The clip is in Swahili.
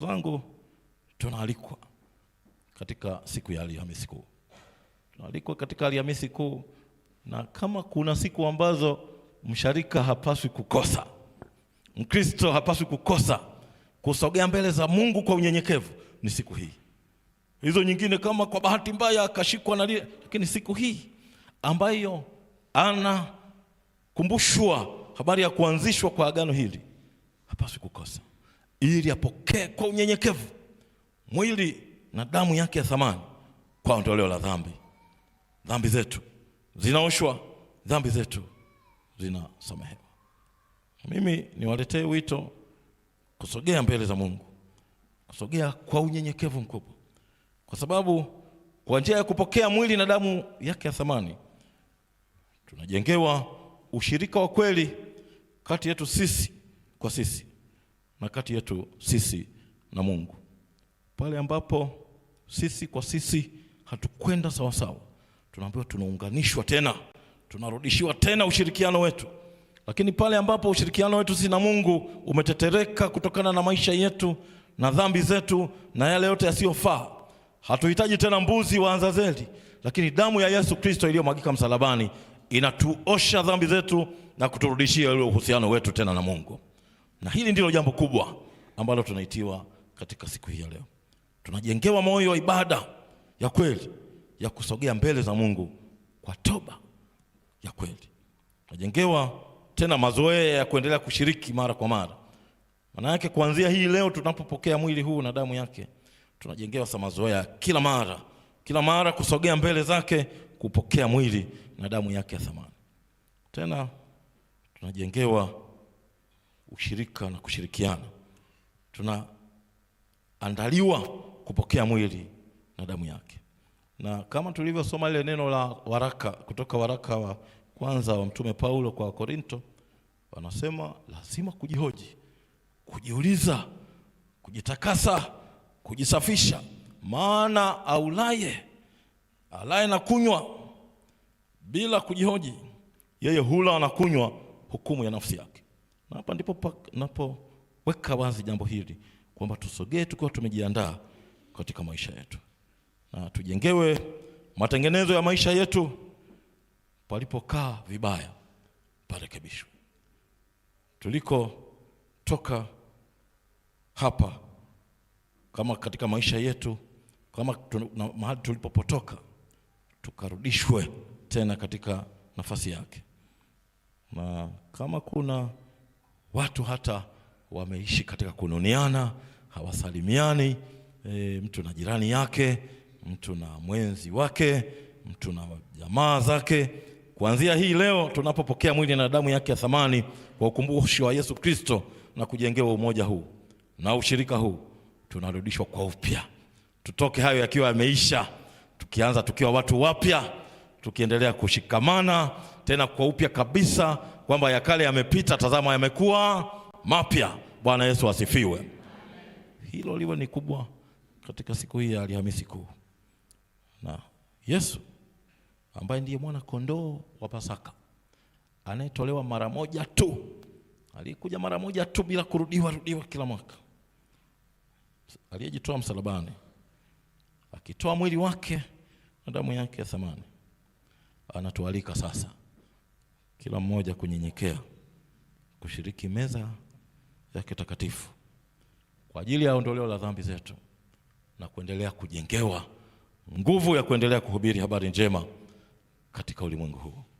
zangu tunaalikwa katika siku ya Alhamisi Kuu, tunaalikwa katika Alhamisi Kuu, na kama kuna siku ambazo msharika hapaswi kukosa, Mkristo hapaswi kukosa kusogea mbele za Mungu kwa unyenyekevu, ni siku hii hizo nyingine, kama kwa bahati mbaya akashikwa na lile. Lakini siku hii ambayo anakumbushwa habari ya kuanzishwa kwa agano hili, hapaswi kukosa, ili apokee kwa unyenyekevu mwili na damu yake ya thamani kwa ondoleo la dhambi. Dhambi zetu zinaoshwa, dhambi zetu zinasamehewa. Mimi niwaletee wito kusogea mbele za Mungu, kusogea kwa unyenyekevu mkubwa kwa sababu kwa njia ya kupokea mwili na damu yake ya thamani tunajengewa ushirika wa kweli kati yetu sisi kwa sisi na kati yetu sisi na Mungu. Pale ambapo sisi kwa sisi hatukwenda sawasawa, tunaambiwa tunaunganishwa tena, tunarudishiwa tena ushirikiano wetu. Lakini pale ambapo ushirikiano wetu sisi na Mungu umetetereka kutokana na maisha yetu na dhambi zetu na yale yote yasiyofaa Hatuhitaji tena mbuzi wa Azazeli, lakini damu ya Yesu Kristo iliyomwagika msalabani inatuosha dhambi zetu na kuturudishia ule uhusiano wetu tena na Mungu. Na hili ndilo jambo kubwa ambalo tunaitiwa katika siku hii ya leo. Tunajengewa moyo wa ibada ya kweli ya kusogea mbele za Mungu kwa toba ya kweli. Tunajengewa tena mazoea ya kuendelea kushiriki mara kwa mara. Maana yake kuanzia hii leo tunapopokea mwili huu na damu yake tunajengewa samazoea kila mara, kila mara kusogea mbele zake, kupokea mwili na damu yake ya thamani. Tena tunajengewa ushirika na kushirikiana, tunaandaliwa kupokea mwili na damu yake. Na kama tulivyosoma ile neno la waraka kutoka waraka wa kwanza wa mtume Paulo kwa korinto wanasema lazima kujihoji, kujiuliza, kujitakasa kujisafisha, maana aulaye alaye na kunywa bila kujihoji, yeye hula na kunywa hukumu ya nafsi yake. Na hapa ndipo napoweka wazi jambo hili kwamba tusogee tukiwa tumejiandaa katika maisha yetu, na tujengewe matengenezo ya maisha yetu. Palipokaa vibaya parekebishwe, tuliko toka hapa kama katika maisha yetu, kama tuna, mahali tulipopotoka tukarudishwe tena katika nafasi yake, na kama kuna watu hata wameishi katika kununiana, hawasalimiani e, mtu na jirani yake, mtu na mwenzi wake, mtu na jamaa zake. Kuanzia hii leo tunapopokea mwili na damu yake ya thamani kwa ukumbusho wa Yesu Kristo na kujengewa umoja huu na ushirika huu tunarudishwa kwa upya, tutoke hayo yakiwa yameisha, tukianza tukiwa watu wapya, tukiendelea kushikamana tena kwa upya kabisa, kwamba ya kale yamepita, tazama yamekuwa mapya. Bwana Yesu asifiwe. Hilo liwe ni kubwa katika siku hii ya Alhamisi Kuu, na Yesu ambaye ndiye mwana kondoo wa Pasaka anayetolewa mara moja tu, aliyekuja mara moja tu bila kurudiwa rudiwa kila mwaka aliyejitoa msalabani akitoa mwili wake na damu yake ya thamani, anatualika sasa kila mmoja kunyenyekea, kushiriki meza yake takatifu kwa ajili ya ondoleo la dhambi zetu na kuendelea kujengewa nguvu ya kuendelea kuhubiri habari njema katika ulimwengu huu.